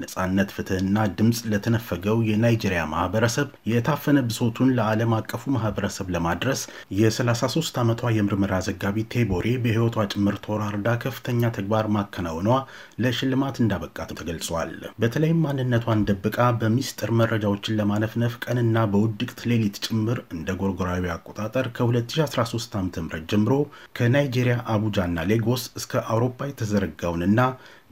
ነጻነት፣ ፍትህና ድምፅ ለተነፈገው የናይጄሪያ ማህበረሰብ የታፈነ ብሶቱን ለዓለም አቀፉ ማህበረሰብ ለማድረስ የ33 ዓመቷ የምርመራ ዘጋቢ ቴቦሬ በህይወቷ ጭምር ተወራርዳ ከፍተኛ ተግባር ማከናወኗ ለሽልማት እንዳበቃት ተገልጿል። በተለይም ማንነቷን ደብቃ በሚስጥር መረጃዎችን ለማነፍነፍ ቀንና በውድቅት ሌሊት ጭምር እንደ ጎርጎራዊ አቆጣጠር ከ2013 ዓ.ም ጀምሮ ከናይጄሪያ አቡጃና ሌጎስ እስከ አውሮፓ የተዘረጋውንና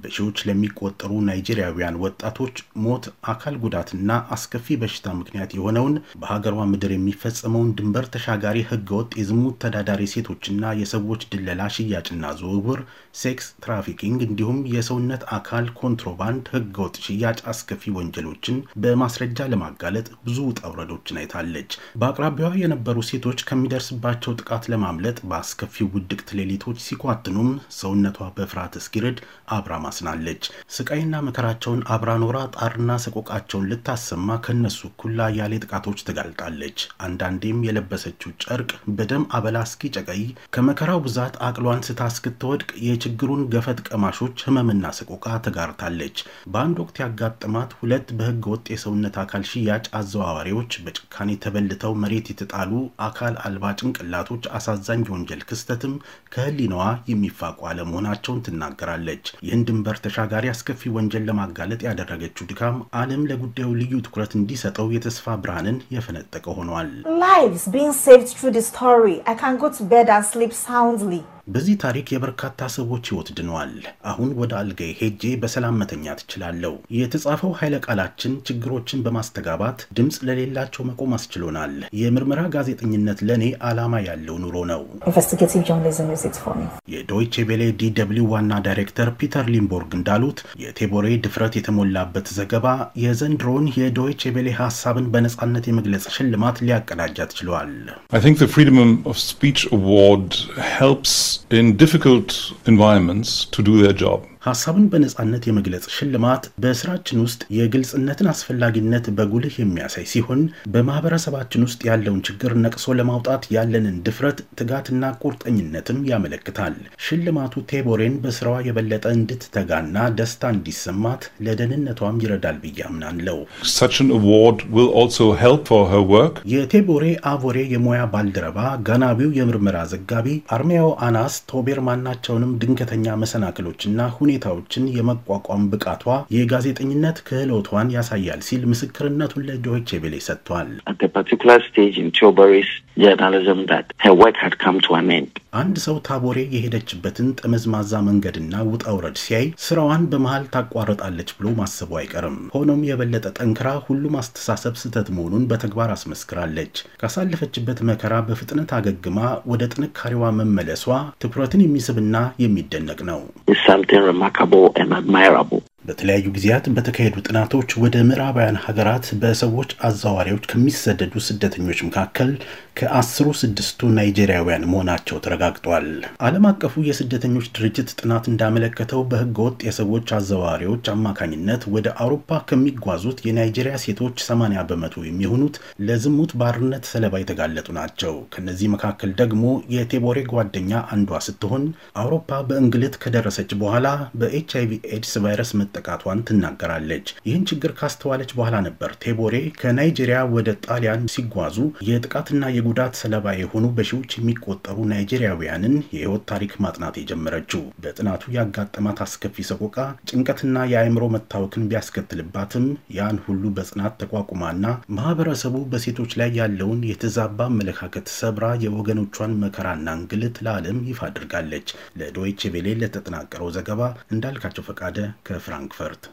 በሺዎች ለሚቆጠሩ ናይጄሪያውያን ወጣቶች ሞት፣ አካል ጉዳትና አስከፊ በሽታ ምክንያት የሆነውን በሀገሯ ምድር የሚፈጸመውን ድንበር ተሻጋሪ ህገወጥ የዝሙት ተዳዳሪ ሴቶችና የሰዎች ድለላ ሽያጭና ዝውውር፣ ሴክስ ትራፊኪንግ እንዲሁም የሰውነት አካል ኮንትሮባንድ፣ ህገወጥ ሽያጭ አስከፊ ወንጀሎችን በማስረጃ ለማጋለጥ ብዙ ውጣ ውረዶችን አይታለች። በአቅራቢያዋ የነበሩ ሴቶች ከሚደርስባቸው ጥቃት ለማምለጥ በአስከፊ ውድቅት ሌሊቶች ሲኳትኑም ሰውነቷ በፍርሃት እስኪርድ አብራማ ተማስናለች። ስቃይና መከራቸውን አብራ ኖራ ጣርና ሰቆቃቸውን ልታሰማ ከነሱ እኩል አያሌ ጥቃቶች ትጋልጣለች። አንዳንዴም የለበሰችው ጨርቅ በደም አበላ እስኪጨቀይ ከመከራው ብዛት አቅሏን ስታ እስክትወድቅ የችግሩን ገፈት ቀማሾች ህመምና ሰቆቃ ተጋርታለች። በአንድ ወቅት ያጋጠማት ሁለት በህገ ወጥ የሰውነት አካል ሽያጭ አዘዋዋሪዎች በጭካኔ ተበልተው መሬት የተጣሉ አካል አልባ ጭንቅላቶች አሳዛኝ የወንጀል ክስተትም ከህሊናዋ የሚፋቁ አለመሆናቸውን ትናገራለች። የህንድ ድንበር ተሻጋሪ አስከፊ ወንጀል ለማጋለጥ ያደረገችው ድካም ዓለም ለጉዳዩ ልዩ ትኩረት እንዲሰጠው የተስፋ ብርሃንን የፈነጠቀ ሆኗል። በዚህ ታሪክ የበርካታ ሰዎች ህይወት ድኗል። አሁን ወደ አልጋይ ሄጄ በሰላም መተኛት እችላለሁ። የተጻፈው ኃይለ ቃላችን ችግሮችን በማስተጋባት ድምፅ ለሌላቸው መቆም አስችሎናል። የምርመራ ጋዜጠኝነት ለእኔ ዓላማ ያለው ኑሮ ነው። የዶይቼ ቬሌ ዲደብሊው ዋና ዳይሬክተር ፒተር ሊምቦርግ እንዳሉት የቴቦሬ ድፍረት የተሞላበት ዘገባ የዘንድሮን የዶይቼ ቬሌ ሀሳብን በነጻነት የመግለጽ ሽልማት ሊያቀዳጃ ችሏል። in difficult environments to do their job. ሀሳብን በነጻነት የመግለጽ ሽልማት በስራችን ውስጥ የግልጽነትን አስፈላጊነት በጉልህ የሚያሳይ ሲሆን በማህበረሰባችን ውስጥ ያለውን ችግር ነቅሶ ለማውጣት ያለንን ድፍረት፣ ትጋትና ቁርጠኝነትም ያመለክታል። ሽልማቱ ቴቦሬን በስራዋ የበለጠ እንድትተጋና ደስታ እንዲሰማት ለደህንነቷም ይረዳል ብዬ አምናለሁ። የቴቦሬ አቮሬ የሙያ ባልደረባ ጋናዊው የምርመራ ዘጋቢ አርሜያው አናስ ቶቤር ድንገተኛ መሰናክሎችና ሁኔ ሁኔታዎችን የመቋቋም ብቃቷ የጋዜጠኝነት ክህሎቷን ያሳያል ሲል ምስክርነቱን ለዶይቼ ቬለ ሰጥቷል። አንድ ሰው ታቦሬ የሄደችበትን ጠመዝማዛ መንገድና ውጣ ውረድ ሲያይ ስራዋን በመሀል ታቋርጣለች ብሎ ማሰቡ አይቀርም። ሆኖም የበለጠ ጠንክራ ሁሉም አስተሳሰብ ስህተት መሆኑን በተግባር አስመስክራለች። ካሳለፈችበት መከራ በፍጥነት አገግማ ወደ ጥንካሬዋ መመለሷ ትኩረትን የሚስብና የሚደነቅ ነው። remarkable and admirable. በተለያዩ ጊዜያት በተካሄዱ ጥናቶች ወደ ምዕራባውያን ሀገራት በሰዎች አዘዋዋሪዎች ከሚሰደዱ ስደተኞች መካከል ከአስሩ ስድስቱ ናይጄሪያውያን መሆናቸው ተረጋግጧል። ዓለም አቀፉ የስደተኞች ድርጅት ጥናት እንዳመለከተው በህገወጥ የሰዎች አዘዋዋሪዎች አማካኝነት ወደ አውሮፓ ከሚጓዙት የናይጄሪያ ሴቶች 80 በመቶ የሚሆኑት ለዝሙት ባርነት ሰለባ የተጋለጡ ናቸው። ከነዚህ መካከል ደግሞ የቴቦሬ ጓደኛ አንዷ ስትሆን አውሮፓ በእንግልት ከደረሰች በኋላ በኤች አይቪ ኤድስ ቫይረስ መጠ መጠቃቷን ትናገራለች። ይህን ችግር ካስተዋለች በኋላ ነበር ቴቦሬ ከናይጄሪያ ወደ ጣሊያን ሲጓዙ የጥቃትና የጉዳት ሰለባ የሆኑ በሺዎች የሚቆጠሩ ናይጄሪያውያንን የህይወት ታሪክ ማጥናት የጀመረችው። በጥናቱ ያጋጠማት አስከፊ ሰቆቃ ጭንቀትና የአእምሮ መታወክን ቢያስከትልባትም ያን ሁሉ በጽናት ተቋቁማና ማህበረሰቡ በሴቶች ላይ ያለውን የተዛባ አመለካከት ሰብራ የወገኖቿን መከራና እንግልት ለዓለም ይፋ አድርጋለች። ለዶይቼ ቬሌ ለተጠናቀረው ዘገባ እንዳልካቸው ፈቃደ ከፍራ Frankfurt